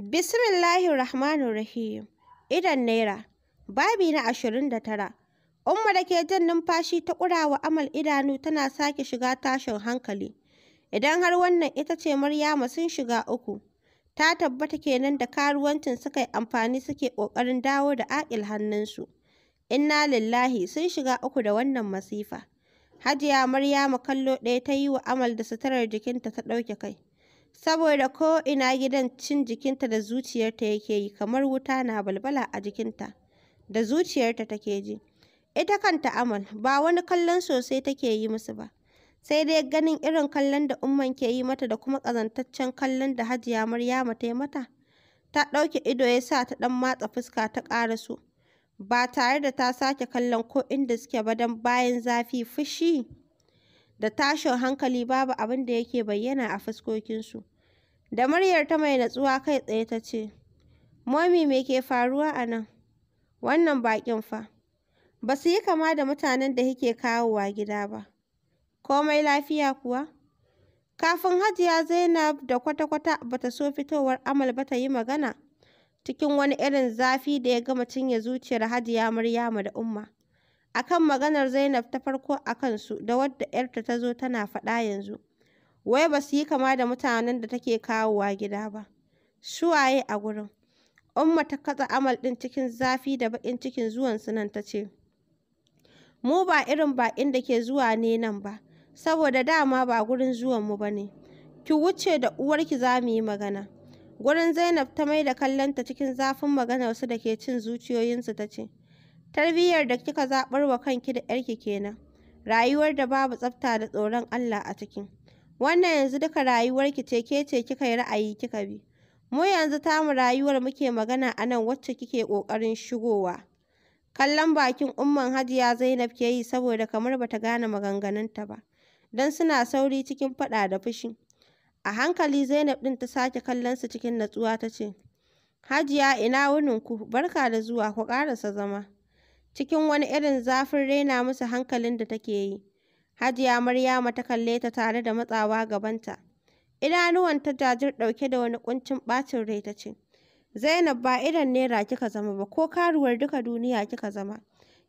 Rahim. idan Naira. Babi na ashirin da tara. Umma da ke jan numfashi ta ƙurawa amal idanu tana sake shiga tashin hankali. Idan har wannan ita ce Maryama sun shiga uku. Ta tabbata kenan da karuwancin suka yi amfani suke ƙoƙarin dawo da aƙil hannunsu. Inna lillahi sun shiga uku da wannan masifa. Hajiya Maryama kallo ɗaya ta yi wa amal da suturar jikinta ta ɗauke kai. saboda ko ina gidan cin jikinta da zuciyarta yake yi kamar wuta na balbala a jikinta da zuciyarta take ji ita kanta amal ba wani kallon sosai take yi musu ba sai dai ganin irin kallon da umman ke yi mata da kuma ƙazantaccen kallon da hajiya maryama ta yi mata ta ɗauke ido ya sa ta ɗan matsa fuska ta ƙara su, ba tare da ta sake kallon ko inda suke ba don bayan zafi fushi da tashin hankali babu abin da yake bayyana a fuskokinsu. Da muryar ta mai natsuwa kai tsaye ta ce, Momi me ke faruwa a nan? Wannan baƙin fa. Ba su yi kama da mutanen da yake kawowa gida ba. Komai lafiya kuwa? Kafin Hajiya Zainab da kwata-kwata ba ta so fitowar Amal ba ta yi magana cikin wani irin zafi da ya gama cinye zuciyar Hajiya Maryamu da Umma. akan maganar Zainab ta farko a kansu da wadda 'yarta ta zo tana faɗa yanzu. Wai ba su yi kama da mutanen da take kawowa gida ba. Su waye a gurin? Umma ta katsa amal ɗin cikin zafi da baƙin cikin zuwansu nan ta ce, Mu ba irin ba inda ke zuwa ne nan ba, saboda dama ba gurin zuwanmu ba ne. Ki wuce da uwarki za mu yi magana. Gurin Zainab ta mai da kallonta cikin zafin maganar su da ke cin zuciyoyinsu ta ce, tarbiyyar da kika zaɓar wa kanki da ‘yarki kenan rayuwar da babu tsafta da tsoron Allah a ciki wannan yanzu duka rayuwarki ce ke ce kika yi ra'ayi kika bi mu yanzu tamu rayuwar muke magana a nan wacce kike ƙoƙarin shigowa kallon bakin umman hajiya zainab ke yi saboda kamar bata gane maganganunta ba don suna sauri cikin faɗa da fushi a hankali zainab ɗin ta sake kallon su cikin natsuwa ta ce hajiya ina wuninku barka da zuwa ku ƙarasa zama cikin wani irin zafin raina musu hankalin da take yi. Hajiya Maryama ta kalle ta tare da matsawa gabanta. Idanuwan ta jajir ɗauke da wani ƙuncin ɓacin rai ta ce, Zainab ba idan naira kika zama ba ko karuwar duka duniya kika zama.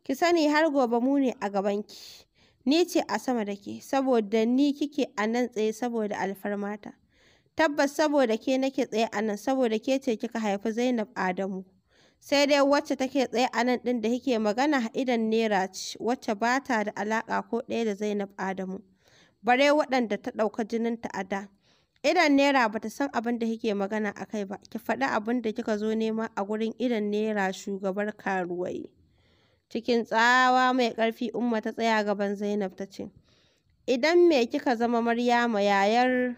Ki sani har gobe mu ne a gabanki. Ni ce a sama da ke, saboda ni kike a nan tsaye saboda alfarmata. Tabbas saboda ke nake tsaye a nan saboda ke ce kika haifi Zainab Adamu. sai dai wacce take tsaye a nan ɗin da kike magana idan nera ce wacce ba ta da alaƙa ko ɗaya da zainab adamu bare waɗanda ta ɗauka jininta a da idan nera ba ta san abin da kike magana a kai ba ki faɗi abin da kika zo nema a gurin idan nera shugabar karuwai cikin tsawa mai ƙarfi umma ta tsaya gaban zainab ta ce idan me kika zama maryama yayar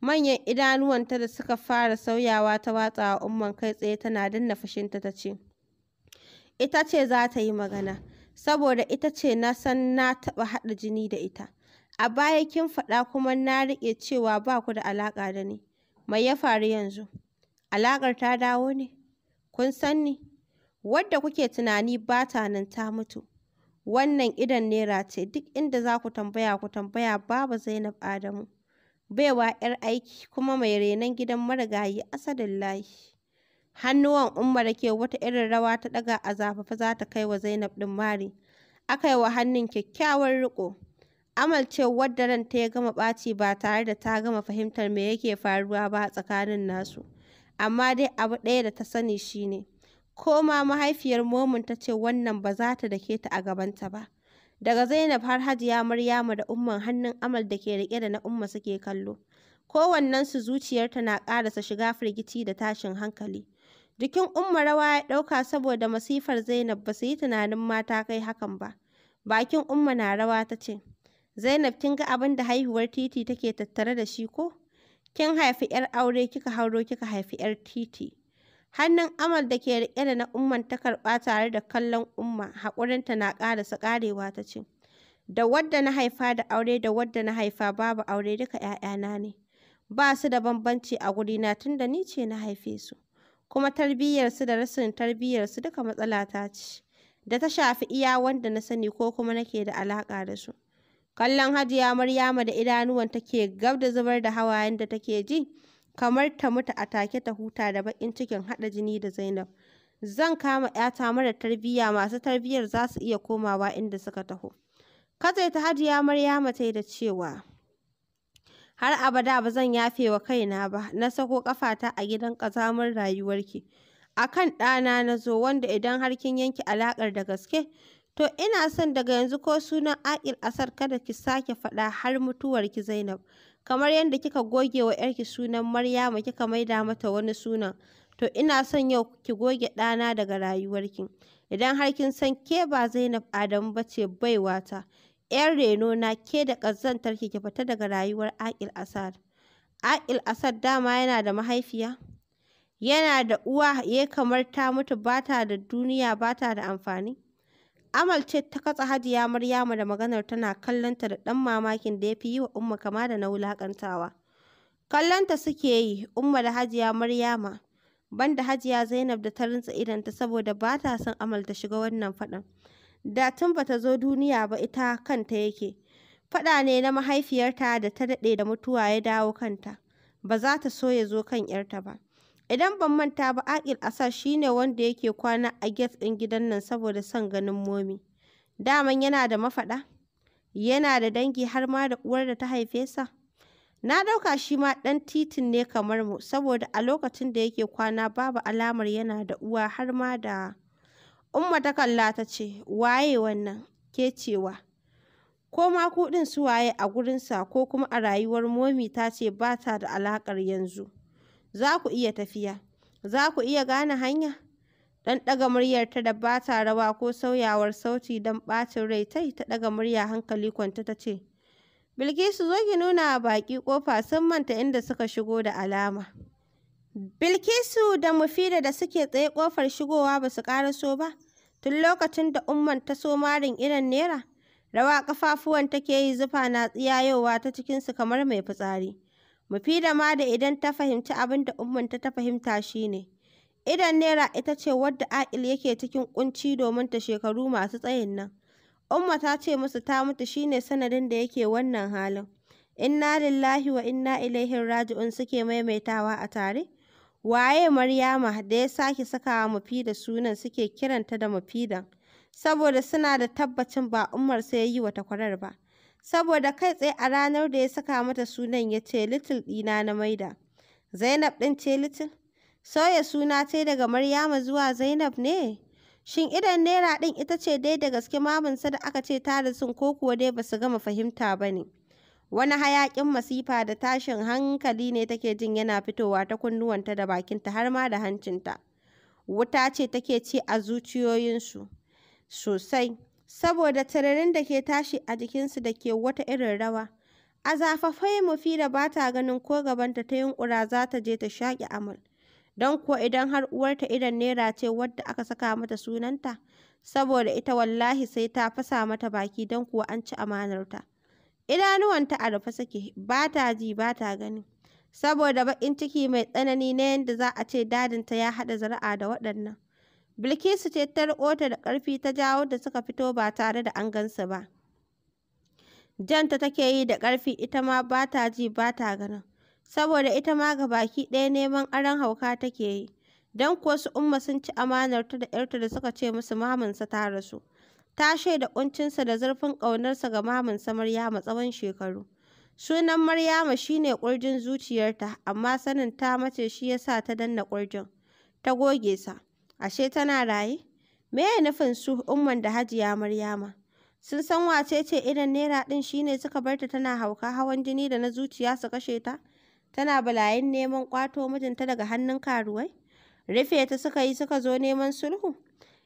manyan idanuwanta da suka fara sauyawa ta watsawa umman kai tsaye tana danna fushinta ta ce ita ce za ta yi magana saboda ita ce na san na taɓa haɗa jini da ita a baya kin faɗa kuma na riƙe cewa ba ku da alaƙa da ni mai ya faru yanzu Alakar ta dawo ne kun san ni wadda kuke tunani ba ta nan ta mutu wannan idan nera ce duk inda za ku tambaya ku tambaya babu zainab adamu baiwa 'yar aiki kuma mai renon gidan marigayi Asadullahi. Hannuwan Umar ke wata irin rawa ta ɗaga a zafafa za ta kai wa Zainab ɗin mari. Aka yi wa hannun kyakkyawar riko Amal ce wadda ran ta ya gama ɓaci ba tare da ta gama fahimtar me yake faruwa ba tsakanin nasu. Amma dai abu ɗaya da ta sani shine, ko ma mahaifiyar momin ta ce wannan ba za ta dake ta a gabanta ba. Daga Zainab har Hajiya Maryamu da umman hannun Amal da ke riƙe da na umma suke kallo. Kowannensu zuciyarta na ƙarasa shiga firgici da tashin hankali. Jikin umma rawa ya ɗauka saboda masifar Zainab ba su yi tunanin mata kai hakan ba. Bakin umma na rawa ta ce, Zainab kin ga abin da haihuwar titi take tattare da shi ko? Kin haifi 'yar aure kika hauro kika haifi 'yar titi. Hannun Amal da ke riƙe da na umman ta karɓa tare da kallon umma, haƙurinta na ƙarasa ƙarewa ta ce, Da wadda na haifa da aure da wadda na haifa babu aure duka ‘ya'yana ne, ba su da bambanci a gurina tun da ni ce na haife su, kuma tarbiyyarsu da rasin tarbiyyarsu duka matsala ta ce, da ta shafi iya wanda na sani ko kuma nake da alaƙa da su. Kallon Hajiya Maryama da idanuwan take gab da zubar da hawayen da take ji, kamar ta mutu a take ta huta da baƙin cikin haɗa jini da Zainab. Zan kama ‘yata mara tarbiyya masu tarbiyyar za su iya komawa inda suka taho. kazai ta hajiya Maryama ta da cewa, Har abada ba zan yafe wa kaina ba, na sako ƙafata a gidan ƙazamar rayuwarki. A kan ɗana na zo wanda idan har kin yanke alaƙar da gaske, to ina son daga yanzu ko sunan Aƙil Asar kada ki sake faɗa har mutuwarki Zainab. kamar yadda kika goge wa ‘yarki sunan Maryama kika maida mata wani sunan, to ina son yau ki goge ɗana daga rayuwarki. Idan har kin san ke ba Zainab Adamu ba ce baiwata, ‘yan reno na ke da ƙazantar ki fita daga rayuwar Aƙil Asad. Aƙil Asad dama yana da mahaifiya? Yana da uwa ya kamar ta mutu ba ta da duniya ba ta da amfani? amalce ta katsa Hajiya Maryamu da maganar tana kallonta da ɗan mamakin da ya fi yi wa Umma kama da na wulaƙantawa. Kallonta suke yi, Umma da Hajiya Maryama, banda Hajiya Zainab da ta rintsa idonta saboda ba ta son Amal ta shiga wannan faɗan. Da tun ba ta zo duniya ba ita kanta yake. Faɗa ne na mahaifiyarta da ta daɗe da mutuwa ya dawo kanta. Ba za ta so ya zo kan ‘yarta ba. Idan ban manta ba Aqil asa shine wanda yake kwana a get ɗin gidan nan saboda son ganin Momi. Daman yana da mafaɗa, yana da dangi har ma da uwar da ta haife sa. Na ɗauka shi ma ɗan titin ne kamar mu saboda a lokacin da yake kwana babu alamar yana da uwa har ma da Umma ta kalla ta ce, waye wannan? Ke cewa. Ko ma kuɗin su waye a gurinsa ko kuma a rayuwar Momi ta ce ba ta da alaƙar yanzu. Za ku iya tafiya. Za ku iya gane hanya. Ɗan ɗaga muryarta da ba ta rawa ko sauyawar sauti don ɓacin rai tai ta ɗaga murya hankali kwanta ta ce, Bilkisu zo ki nuna a baƙi ƙofa sun manta inda suka shigo da alama. Bilkisu da Mufida da suke tsaye ƙofar shigowa ba su ƙaraso ba, tun lokacin da umman ta so marin irin naira, rawa ƙafafuwan take yi zufa na tsiyayowa ta cikinsu kamar mai fitsari. Mafida ma da idan ta fahimci abin da ummanta ta fahimta shine idan naira ita ce wadda A'il yake cikin ƙunci domin ta shekaru masu tsayin nan. Umma ta ce musu ta mutu shine sanadin da yake wannan halin. Inna lillahi wa inna ilaihi raji'un suke maimaitawa a tare. Waye Maryama da ya sake sakawa Mufida sunan suke kiranta da mafidan? saboda suna da tabbacin ba Umar sai yi wa takwarar ba. saboda kai tsaye a ranar da ya saka mata sunan ya ce Little ɗina na maida. Zainab ɗin ce Little? Sauya suna ce daga Maryama zuwa Zainab ne? Shin idan Naira ɗin ita ce dai da gaske mamansa da aka ce ta rasu ko kuwa dai ba su gama fahimta ba ne? Wani hayaƙin masifa da tashin hankali ne take jin yana fitowa ta kunnuwanta da bakinta har ma da hancinta. Wuta ce take ci a zuciyoyinsu sosai. saboda tararin da ke tashi a jikinsu da ke wata irin rawa. A zafafai da ba ta ganin ko gabanta ta yunƙura za ta je ta shaƙi amal. Don kuwa idan har uwarta idan naira ce wadda aka saka mata sunanta, saboda ita wallahi sai ta fasa mata baki don kuwa an ci amanarta. Idanuwanta a rufe suke, ba ta ji ba ta gani. Saboda baƙin ciki mai tsanani na yadda za a ce dadinta ya haɗa zara'a da waɗannan. Bilkisu ce ta rikota da ƙarfi ta jawo da suka fito ba tare da an gansu ba. Janta take yi da ƙarfi ita ma ba ta ji ba ta ganin. Saboda ita ma ga baki ɗaya neman aron hauka take yi. Don kuwa su umma sun ci amanar ta da ‘yarta da suka ce musu maminsa ta rasu. Ta shaida ƙuncinsa da zurfin ƙaunarsa ga maminsa Maryama tsawon shekaru. Sunan Maryama shine ƙurjin zuciyarta, amma sanin ta mace shi ya sa ta danna ƙurjin. Ta goge sa. Ashe tana raye? Me ya nufin su Umman da Hajiya Maryama? Sun san wace ce idan Naira ɗin shine suka barta tana hauka hawan jini da na zuciya su kashe ta? Tana balayin neman kwato mijinta daga hannun karuwai? Rufe ta suka yi suka zo neman sulhu?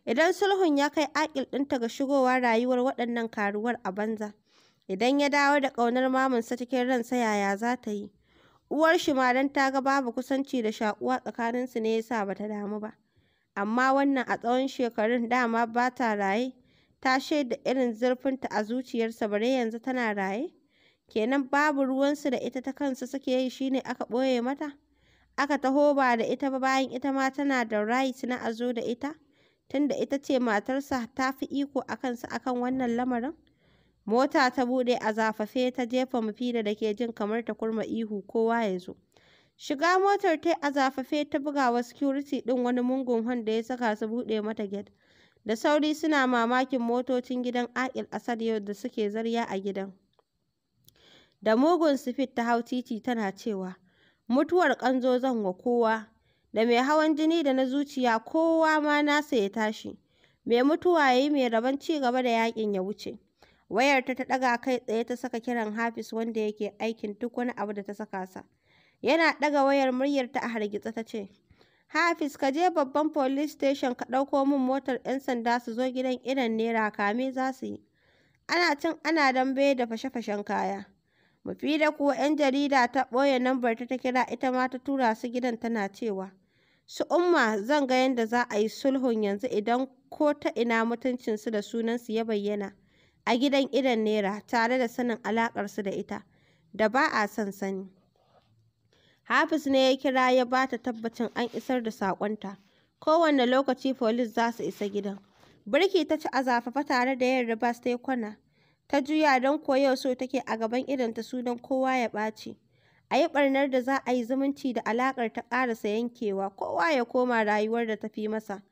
Idan sulhun ya kai akil ɗinta ga shigowa rayuwar waɗannan karuwar a banza. Idan ya dawo da ƙaunar mamansa cikin ransa yaya za ta yi? Uwar shi ma don ta ga babu kusanci da shakuwa tsakaninsu ne ya sa ba damu ba. amma wannan a tsawon shekarun dama ba ta raye ta shaida irin zurfinta a zuciyarsa bare yanzu tana raye kenan babu ruwansu da ita ta kansu suke yi shine aka ɓoye mata aka taho ba da ita ba bayan ita ma tana da right na a zo da ita tunda ita ce matarsa ta fi iko a kansa akan wannan lamarin mota ta buɗe a zafafe ta jefa mafida da ke jin kamar ta kurma ihu kowa ya zo Shiga motar ta a zafafe ta buga wa sikuriti ɗin wani mungun da ya saka su buɗe mata gate. Da sauri suna mamakin motocin gidan akil Asad yau da suke zarya a gidan. Da mugun sifit ta hau titi tana cewa, mutuwar ƙanzo zan wa kowa, da mai hawan jini da na zuciya kowa ma nasa ya tashi. Mai mutuwa ya yi mai rabon ci gaba da yakin ya wuce. Wayarta ta ɗaga kai tsaye ta saka kiran hafis wanda yake aikin duk wani abu da ta saka sa. Yana ɗaga wayar muryarta a hargitse ta ce, Hafiz ka je babban police station ka ɗauko min motar 'yan sanda su zo gidan idan nera kame za su yi. Ana cin ana dambe da fashe-fashen kaya. Mafi da kuwa 'yan jarida ta ɓoye lambar ta ta kira ita ma ta tura su gidan tana cewa, Su umma zan ga yadda za a yi sulhun yanzu idan ko ta ina mutuncin su da sunansu ya bayyana a gidan idan nera tare da sanin su da ita da ba a son sani. Hafiz ne ya kira ya ba ta tabbacin an isar da saƙonta. Kowanne lokaci folis za su isa gidan. Birki ta ci azafafa tare da yin ribas ta kwana. Ta juya don koyo so take a gaban idonta don kowa ya ɓaci. A yi ɓarnar da za a yi zumunci da alaƙar ta ƙarasa yankewa, kowa ya koma rayuwar da ta fi masa.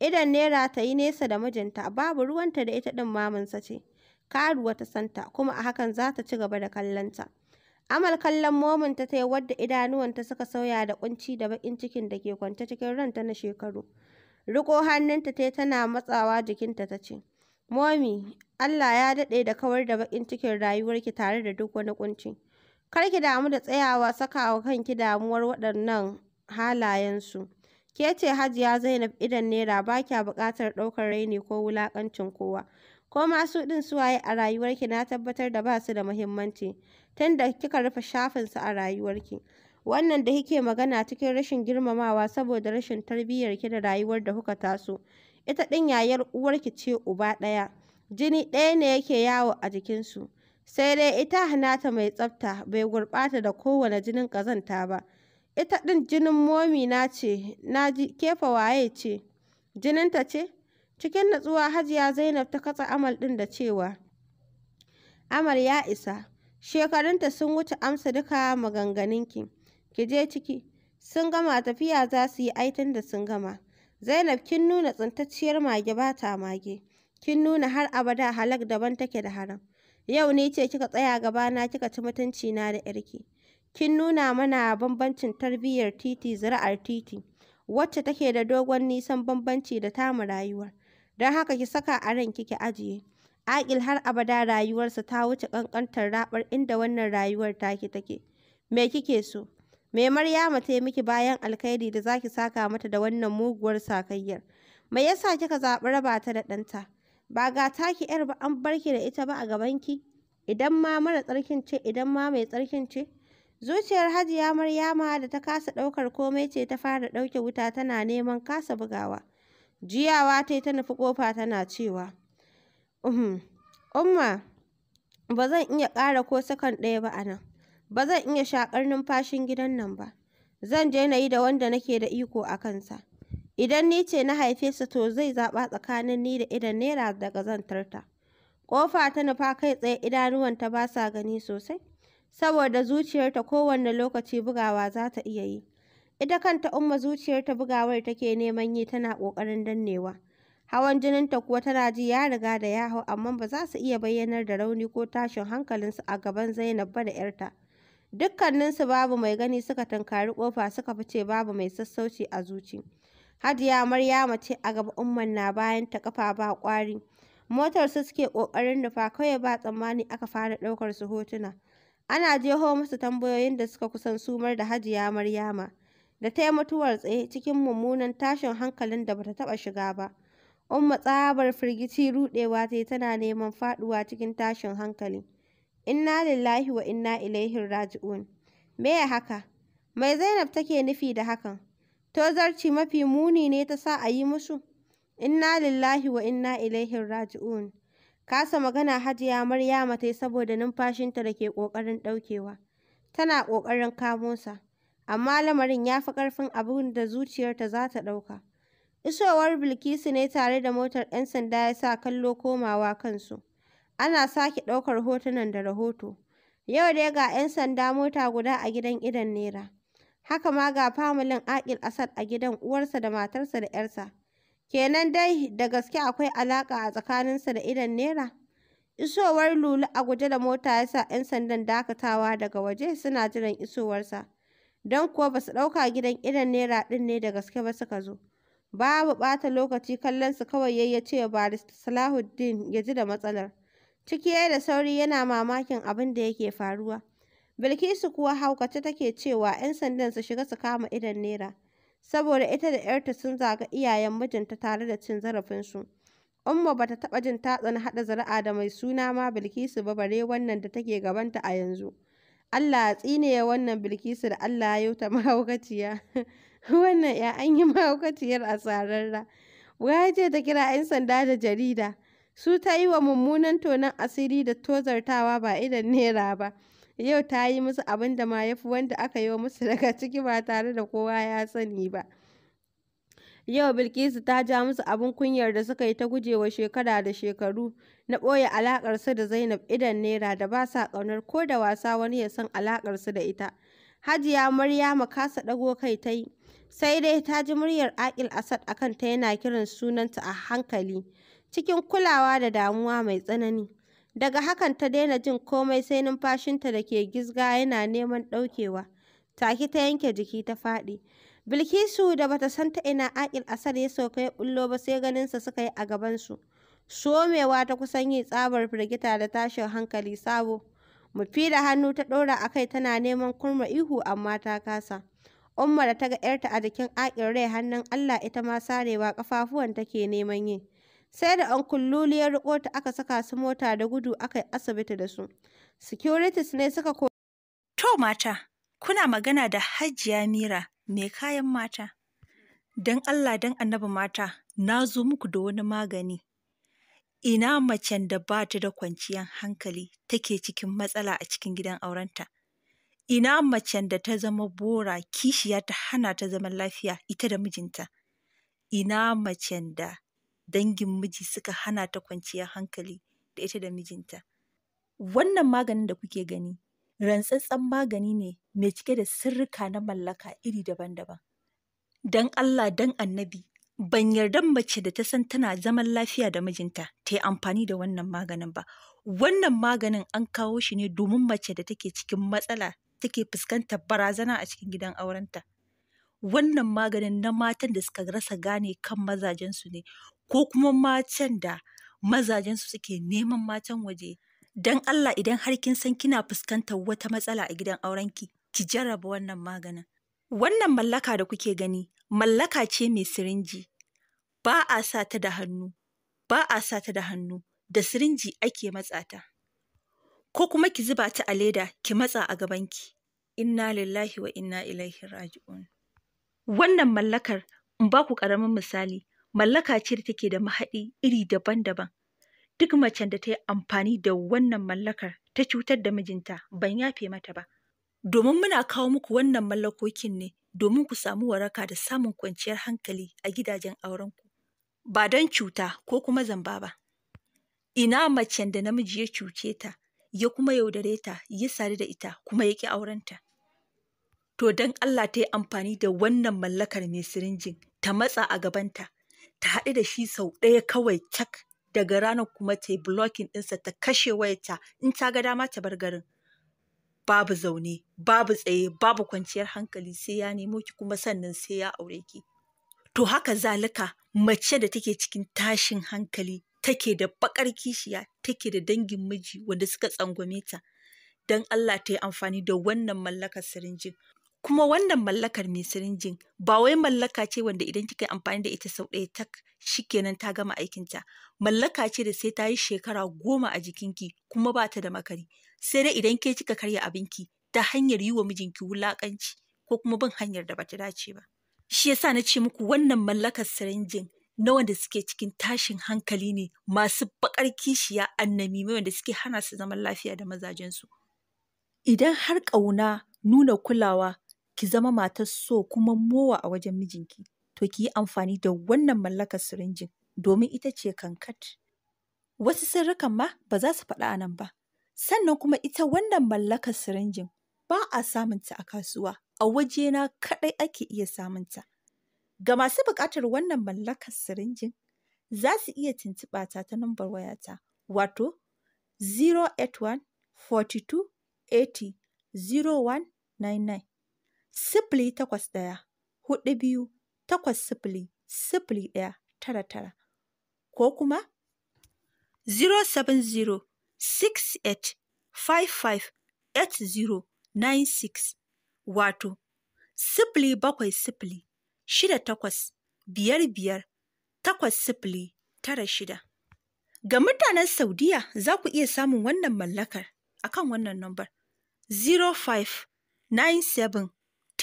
Idan Naira ta yi nesa da mijinta, babu ruwanta da ita ɗin mamansa ce. Karuwa ta santa, kuma a hakan za ta ci gaba da kallonta. Amal kallon Momin ta yi wadda idanuwanta suka sauya da ƙunci da bakin cikin da ke kwance cikin ranta na shekaru. Riko hannunta ta tana matsawa jikinta ta ce, Momi, Allah ya daɗe da kawar da bakin cikin rayuwarki tare da duk wani kunci. Kar ki damu da tsayawa sakawa kanki damuwar waɗannan halayensu. Ke ce Hajiya Zainab idan Naira ba kya buƙatar ɗaukar raini ko wulaƙancin kowa. ko ma su ɗin suwaye a rayuwarki na tabbatar da ba su da muhimmanci tunda kika rufe shafinsu a rayuwarki wannan da kike magana cikin rashin girmamawa saboda rashin tarbiyyarki da rayuwar da kuka taso ita ɗin yayar uwarki ce uba ɗaya jini ɗaya ne yake yawo a jikinsu sai dai ita nata mai tsafta bai gurɓata da kowane jinin ƙazanta ba ita ɗin jinin momi ce na ji kefa waye ce jininta ce Cikin natsuwa Hajiya Zainab ta katsa Amal din da cewa, Amal ya isa, shekarunta sun wuce amsa duka maganganunki, ki je ciki, sun gama tafiya za su yi aitin da sun gama. Zainab kin nuna tsintacciyar mage ba ta mage, kin nuna har abada halak daban take da haram. Yau ne ce kika tsaya gabana kika ci mutunci na da yarki. Kin nuna mana bambancin tarbiyyar titi zira'ar titi, wacce take da dogon nisan bambanci da tamu rayuwa? don haka ki saka a ran kiki ajiye aƙil har abada rayuwarsa ta wuce ƙanƙantar raɓar inda wannan rayuwar taki take me kike so me maryama ta yi miki bayan alkhairi da zaki saka mata da wannan muguwar sakayyar me yasa kika zaɓi raba ta da ɗanta ba ga ki yar ba an bar ki da ita ba a ki? idan ma mara tsarkin ce idan ma mai tsarkin ce zuciyar hajiya maryama da ta kasa ɗaukar komai ce ta fara ɗauke wuta tana neman kasa bugawa Jiyawa ta ta nufi ƙofa tana cewa, uhm, Umma, ba zan iya ƙara ko sakan ɗaya ba a nan. Ba zan iya shaƙar numfashin gidan nan ba. Zan je na yi da wanda nake da iko a kansa. Idan ni ce na haife su to zai zaɓa tsakanin ni da idan naira da zantarta. Ƙofa ta nufa kai tsaye idanuwanta ba sa gani sosai, saboda zuciyarta kowanne lokaci bugawa za ta iya yi. Ita kanta umma zuciyarta bugawar take neman yi tana ƙoƙarin dannewa. Hawan jininta kuwa tana ji ya riga da ya hau amma ba za su iya bayyanar da rauni ko tashin hankalinsu a gaban Zainab ba da 'yarta. Dukkaninsu babu mai gani suka tunkari ƙofa suka fice babu mai sassauci a zuci. Hajiya Maryama ce a gaba umman na bayan ta kafa ba kwari Motar su suke ƙoƙarin nufa kawai ba tsammani aka fara ɗaukar su hotuna. Ana jeho musu tambayoyin da suka kusan sumar da Hajiya Maryama. da ta yi mutuwar tsaye cikin mummunan tashin hankalin da bata taba shiga ba. Umma tsabar firgici rudewa ta tana neman faɗuwa cikin tashin hankali. Inna lillahi wa inna ilaihi raji'un. Me ya haka? Mai Zainab take nufi da hakan? Tozarci mafi muni ne ta sa a yi musu? Inna lillahi wa inna ilaihi raji'un. Kasa magana Hajiya Maryama ta saboda numfashinta da ke ƙoƙarin ɗaukewa. Tana ƙoƙarin kamo sa. amma lamarin ya fi ƙarfin abin da zuciyarta za ta ɗauka. Isowar Bilkisu ne tare da motar 'yan sanda ya sa kallo komawa kansu. Ana sake ɗaukar hotunan da rahoto. Yau dai ga 'yan sanda mota guda a gidan idan Nera. Haka ma ga famulin Aƙil Asad a gidan uwarsa da matarsa da 'yarsa. Kenan dai da gaske akwai alaƙa a tsakaninsa da idan Nera. Isowar Lulu a guje da mota ya sa 'yan sandan dakatawa daga waje suna jiran isowarsa. don kuwa ba su ɗauka gidan idon naira ɗin ne da gaske ba suka zo. Babu ɓata lokaci kallon su kawai ya ce wa barista Salahuddin ya ji da matsalar. Ciki da sauri yana mamakin abin da yake faruwa. Bilkisu kuwa haukace take cewa 'yan sandan su shiga su kama idan naira. Saboda ita da 'yarta sun zaga iyayen mijinta tare da cin zarafin su, Umma bata taɓa jin tatsun haɗa zara'a da mai suna ma Bilkisu ba bare wannan da take gabanta a yanzu. Allah tsine ya wannan Bilkisu da Allah ya ta mahaukaciya wannan ya an yi mahaukaciyar asararra tsararra ce ta kira 'yan sanda da jarida su ta yi wa mummunan tonan asiri da tozartawa ba idan nera ba yau ta yi musu abin da ma ya fi wanda aka yi wa musu daga ciki ba tare da kowa ya sani ba Yau Bilkisu ta ja musu abin kunyar da suka yi ta gujewa shekara da shekaru na ɓoye alaƙarsu da Zainab idan Naira da ba sa ƙaunar ko da wasa wani ya san alaƙarsu da ita. Hajiya Maryama kasa ɗago kai ta yi, sai dai ta ji muryar Aƙil Asad a kanta yana kiran sunanta a hankali, cikin kulawa da damuwa mai tsanani. Daga hakan ta daina jin komai sai numfashinta da ke gizga yana neman ɗaukewa. taki ta yanke jiki ta faɗi. Bilkisu da bata san ta ina Aƙil Asar ya sauka ya ɓullo ba sai ganinsa suka yi a gabansu. Somewa ta kusan yi tsabar firgita da tashin hankali sabo. Mufi da hannu ta ɗora a kai tana neman kurma ihu amma ta kasa. Umma da ta ga ‘yarta a jikin Aƙil rai hannun Allah ita ma sarewa ƙafafuwan take neman yi. Sai da an kulluli ya riƙo ta aka saka su mota da gudu aka yi asibiti da su. Securities ne suka ko. To mata, kuna magana da Hajiya Mira. mai kayan mata, don Allah don annabi mata, na zo muku da wani magani. Ina macen da ba ta da kwanciyar hankali take cikin matsala a cikin gidan aurenta. Ina macen da ta zama bora kishiya ta hana ta zaman lafiya ita da mijinta. Ina macen da dangin miji suka hana ta kwanciyar hankali da ita da mijinta. Wannan maganin da kuke gani rantsatsen magani ne mai cike da sirrika na mallaka iri daban-daban. Don Allah don annabi, ban yarda mace da ta san tana zaman lafiya da mijinta ta yi amfani da wannan maganin ba. Wannan maganin an kawo shi ne domin mace da take cikin matsala take fuskantar barazana a cikin gidan aurenta. Wannan maganin na matan da suka rasa gane kan mazajensu ne, ko kuma matan da mazajensu suke neman matan waje. don Allah idan har kin san kina fuskantar wata matsala a gidan aurenki, ki jarraba wannan maganin. Wannan mallaka da kuke gani, mallaka ce mai sirinji. Ba a sa ta da hannu, ba a sa ta da hannu, da sirinji ake matsa ta. Ko kuma ki zuba ta a leda, ki matsa a gabanki. Inna lillahi wa inna ilaihi raji'un. Wannan mallakar, in ba ku ƙaramin misali, mallaka ce da take da mahaɗi iri daban-daban. duk macen da ta yi amfani da wannan mallakar ta cutar da mijinta ban yafe mata ba domin muna kawo muku wannan mallakokin ne domin ku samu waraka da samun kwanciyar hankali a gidajen aurenku ba don cuta ko kuma zamba ba ina macen da namiji ya cuce ta ya kuma yaudare ta ya sadu da ita kuma ya ƙi aurenta to don Allah ta yi amfani da wannan mallakar mai sirinjin ta matsa a gabanta ta haɗu da shi sau ɗaya kawai cak daga ranar kuma ta yi blocking ɗinsa ta kashe wayarta in ta ga dama ta bar garin babu zaune babu tsaye babu kwanciyar hankali sai ya nemo ki kuma sannan sai ya aure ki to haka zalika mace da take cikin tashin hankali take da bakar kishiya take da dangin miji wanda suka tsangwame ta don Allah ta yi amfani da wannan mallakar sirinjin kuma wannan mallakar mai sirinjin ba wai mallaka ce wanda idan kika yi amfani da ita sau ɗaya tak shikenan ta gama aikinta mallaka ce da sai ta yi shekara goma a jikinki kuma ba ta da makari sai dai idan ke kika karya abinki ta hanyar yi wa mijinki wulaƙanci ko kuma bin hanyar da bata dace ba shi yasa na ce muku wannan mallakar sirinjin na wanda suke cikin tashin hankali ne masu baƙar kishiya annami wanda suke hana su zaman lafiya da mazajensu idan har ƙauna nuna kulawa ki zama matar so kuma mowa a wajen mijinki, to ki yi amfani da wannan mallakar sirinjin domin ita ce kankat. Wasu sirrikan ma ba za su faɗa a nan ba. Sannan kuma ita wannan mallakar sirinjin ba a samunta a kasuwa, a wajena kaɗai ake iya samunta. Ga masu buƙatar wannan mallakar sirinjin, za su iya tuntuɓa ta ta nambar wayata, wato 081 42 80 0199. sifili takwas ɗaya huɗu biyu takwas sifili sifili ɗaya tara tara ko kuma 070 68 55 8096 wato sifili bakwai sifili shida takwas biyar biyar takwas sifili tara shida. Ga mutanen Saudiya za ku iya samun wannan mallakar akan wannan nambar 0597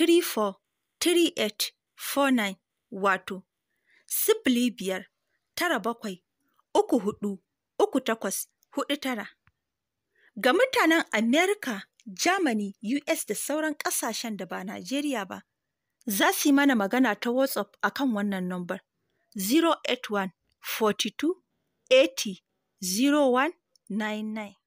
343849 wato, sifili biyar tara bakwai uku hudu uku takwas hudu tara. Ga mutanen Amerika, Germany, US da sauran ƙasashen da ba Najeriya ba, za su yi mana magana ta WhatsApp a kan wannan nombar. 081 42 80 0199.